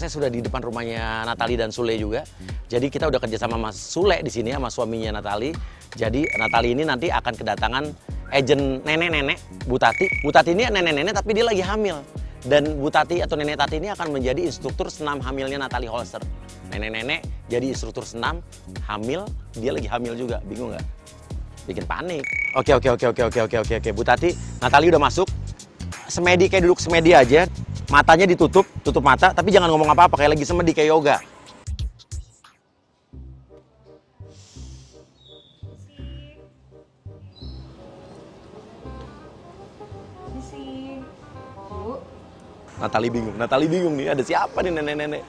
saya sudah di depan rumahnya Natali dan Sule juga. Jadi kita udah kerja sama Mas Sule di sini sama suaminya Natali. Jadi Natali ini nanti akan kedatangan agent nenek-nenek Butati. Butati ini nenek-nenek tapi dia lagi hamil. Dan Butati atau nenek Tati ini akan menjadi instruktur senam hamilnya Natali Holster. Nenek-nenek jadi instruktur senam hamil, dia lagi hamil juga. Bingung nggak? Bikin panik. Oke oke oke oke oke oke oke oke. Butati, Natali udah masuk. Semedi kayak duduk semedi aja matanya ditutup, tutup mata, tapi jangan ngomong apa-apa, kayak lagi semedi, kayak yoga. Natali bingung, Natali bingung nih, ada siapa nih nenek-nenek?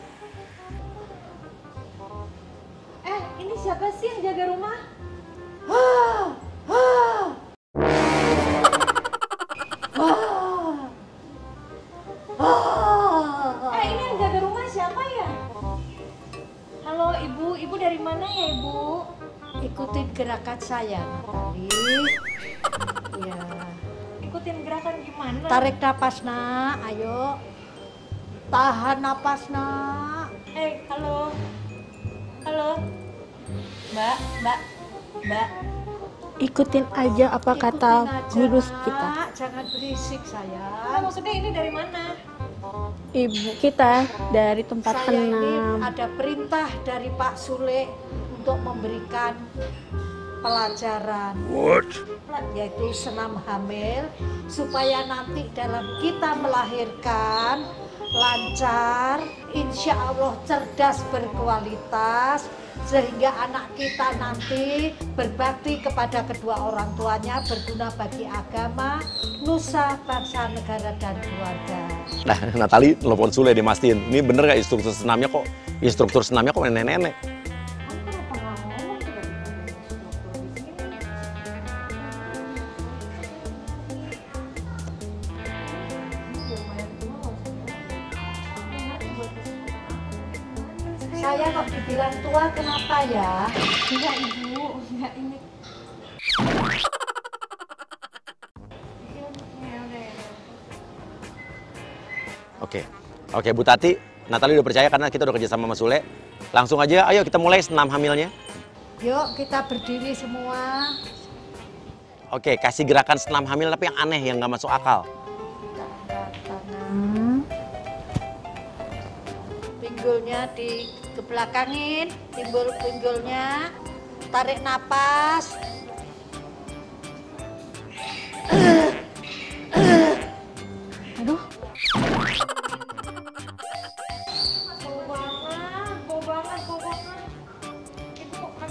dari mana ya Ibu? Ikutin gerakan saya, tadi Iya. Ikutin gerakan gimana? Tarik napas, nak. Ayo. Tahan napas, nak. Eh, hey, halo. Halo. Mbak, Mbak, Mbak. Ikutin aja apa Ikutin kata aja, guru kita. Jangan berisik, saya maksudnya ini dari mana? ibu kita dari tempat saya ini ada perintah dari Pak Sule untuk memberikan pelajaran What? yaitu senam hamil supaya nanti dalam kita melahirkan lancar insya Allah cerdas berkualitas sehingga anak kita nanti berbakti kepada kedua orang tuanya berguna bagi agama, nusa, bangsa, negara, dan keluarga. Nah, Natali telepon Sule dimastiin, ini bener gak instruktur senamnya kok? Instruktur senamnya kok nenek-nenek? Saya kok dibilang tua kenapa ya? Enggak iya, ibu, enggak iya, ini. Oke, oke Bu Tati, Natali udah percaya karena kita udah kerja sama Mas Sule. Langsung aja, ayo kita mulai senam hamilnya. Yuk kita berdiri semua. Oke, kasih gerakan senam hamil tapi yang aneh, yang nggak masuk akal. pinggulnya kebelakangin, timbul pinggulnya tarik napas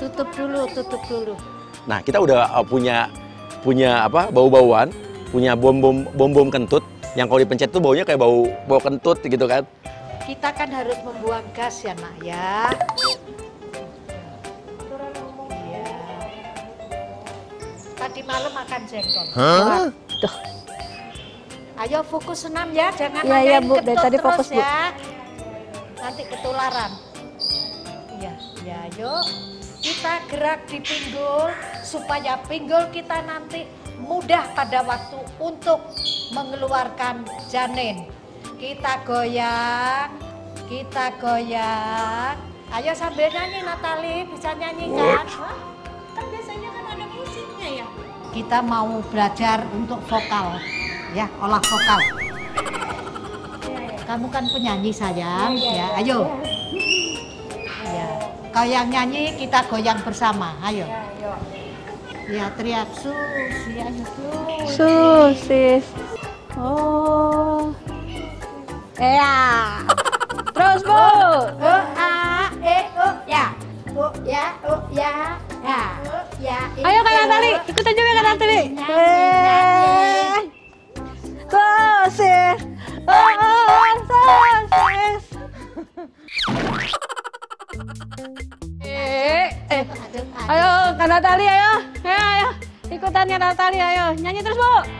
tutup dulu tutup dulu nah kita udah uh, punya punya apa bau-bauan punya bom bom bom bom kentut yang kalau dipencet tuh baunya kayak bau bau kentut gitu kan kita kan harus membuang gas ya nak ya iya tadi malam makan jengkol Hah. ayo fokus senam ya jangan ya, ya, bu. Dari tadi terus fokus, ya nanti ketularan iya ya yuk kita gerak di pinggul supaya pinggul kita nanti mudah pada waktu untuk mengeluarkan janin kita goyang, kita goyang. Ayo sambil nyanyi Natali, bisa nyanyi kan? Kan biasanya kan ada musiknya ya. Kita mau belajar untuk vokal, ya olah vokal. Kamu kan penyanyi sayang, iya, iya, ya, ya, ayo. Ya. Kau yang nyanyi, kita goyang bersama, ayo. Ya, ayo. ya teriak susi, ayo ya, susi. Susi. Oh ya Terus Bu. O A E O ya. O ya O ya. Ya. ya e, Ayo Kak Natali, ikutan juga Kak Natali. Sosis. Oh, Eh, eh. Ayo Kak Natali ayo. Ya, ayo, ayo. Ikutan Kak Natali ayo. Nyanyi terus, Bu.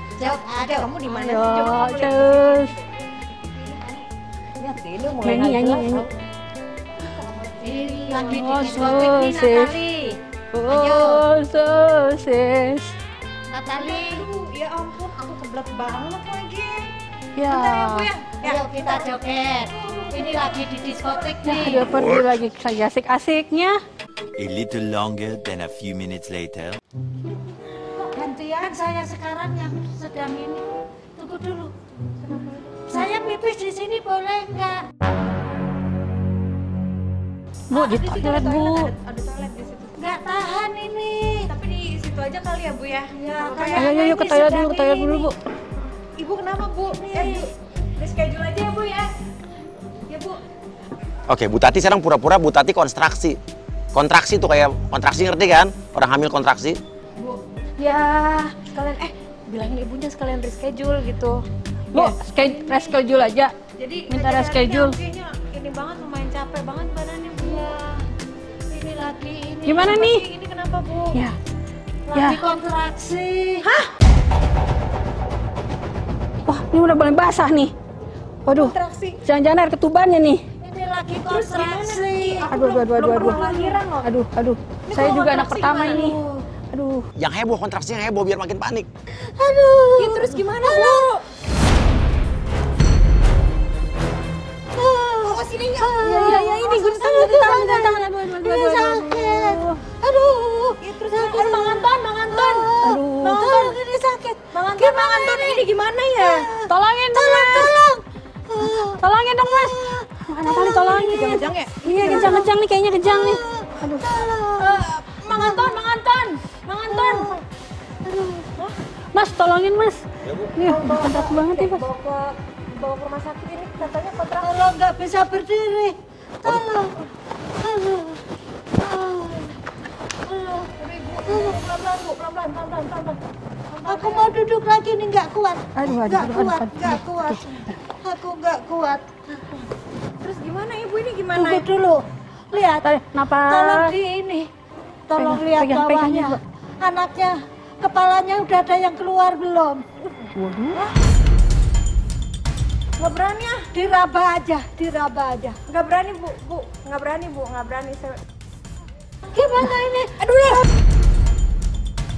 Jawab, ada kamu di mana sih? terus. Nyanyi, nyanyi, nyanyi. Lagi di Natali. Oh, sosis. Natali, ya ampun, aku kebelet banget lagi. Ya. ya. Yuk ya. ya. kita joget. Ini lagi di diskotik ya, nih. Dia pergi lagi saya asik-asiknya. A little longer than a few minutes later keadaan saya sekarang yang sedang ini tunggu dulu saya pipis di sini boleh nggak Bu, di toilet, Bu. Ada, toilet di situ. Nggak tahan ini. Tapi di situ aja kali ya, Bu ya. Iya, ayo ayo yuk ke toilet dulu, ke toilet dulu, Bu. Ibu kenapa, Bu? Nih. Eh, Bu. Reschedule aja ya, Bu ya. Ya, Bu. Oke, Bu Tati sekarang pura-pura Bu Tati kontraksi. Kontraksi tuh kayak kontraksi ngerti kan? Orang hamil kontraksi. Bu. Ya, sekalian eh bilangin ibunya sekalian reschedule gitu lo ya. reschedule aja jadi minta reschedule ini banget lumayan capek banget badannya bu ya. ini lagi ini gimana nih ini kenapa bu ya lagi ya. kontraksi hah wah ini udah paling basah nih waduh kontraksi jangan-jangan air ketubannya nih ini lagi kontraksi aduh aduh aduh aduh aduh aduh aduh, aduh. saya juga anak pertama ini Aduh. Yang heboh kontraksinya heboh biar makin panik. Aduh. Ya terus gimana Aduh. bu? Aduh. ini? ya Aduh. iya, Aduh. Aduh. Aduh. Aduh. Aduh. Tangan, Aduh. tangan, Aduh. Aduh. tolongin mas ya bu ya, bawa, banget ya mas bawa ke, bawa ke rumah sakit ini katanya kontrak tolong nggak bisa berdiri tolong tolong Aku mau duduk lagi nih nggak kuat, nggak kuat, nggak kuat. Aku nggak kuat. Terus gimana ibu ini gimana? Tunggu dulu, lihat. Napa? Tolong di ini, tolong lihat bawahnya, anaknya Kepalanya udah ada yang keluar belum? Waduh. Nggak berani ah? Diraba aja, diraba aja. Nggak berani bu, bu. Nggak berani bu, nggak berani. Saya... Gimana ini? Aduh ya.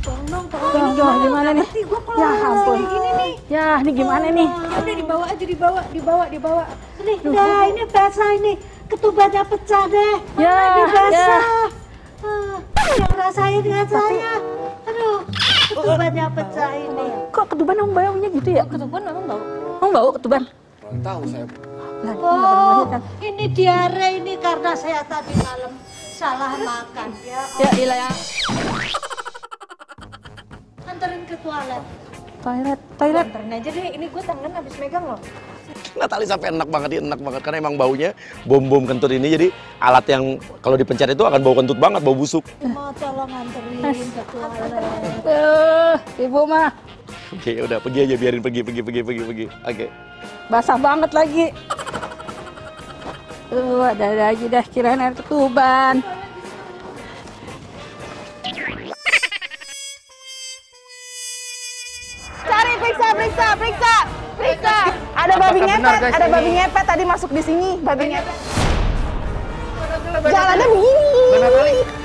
Tolong dong, tolong dong. gimana nih? gue ya, ampun. Ini nih. Ya, ini gimana nih? Ya udah dibawa aja, dibawa, dibawa, dibawa. Nih, Duh. dah ini basah ini. Ketubannya pecah deh. Ya, ya. Basah. Ah, yang rasain dengan saya ketubannya pecah ini. Kok ketuban emang baunya gitu ya? Oh, ketuban emang bau. Emang bau ketuban? Belum tahu saya. Oh, ini diare ini karena saya tadi malam salah makan. Ya, oh. ya ilah ya. Anterin ke toilet. Toilet, toilet. Anterin aja deh, ini gue tangan habis megang loh. Natali sampai enak banget, dia enak banget karena emang baunya bom-bom kentut ini jadi alat yang kalau dipencet itu akan bau kentut banget, bau busuk. Mau tolong anterin ke toilet. ibu mah. Oke, okay, udah pergi aja biarin pergi pergi pergi pergi pergi. Oke. Okay. Basah banget lagi. Tuh, ada ada aja dah kirain air ketuban. Cari periksa, periksa, periksa, periksa. Ada babi ngepet, ada babi ngepet tadi masuk di sini, babi ngepet. Jalannya begini. Benar kali.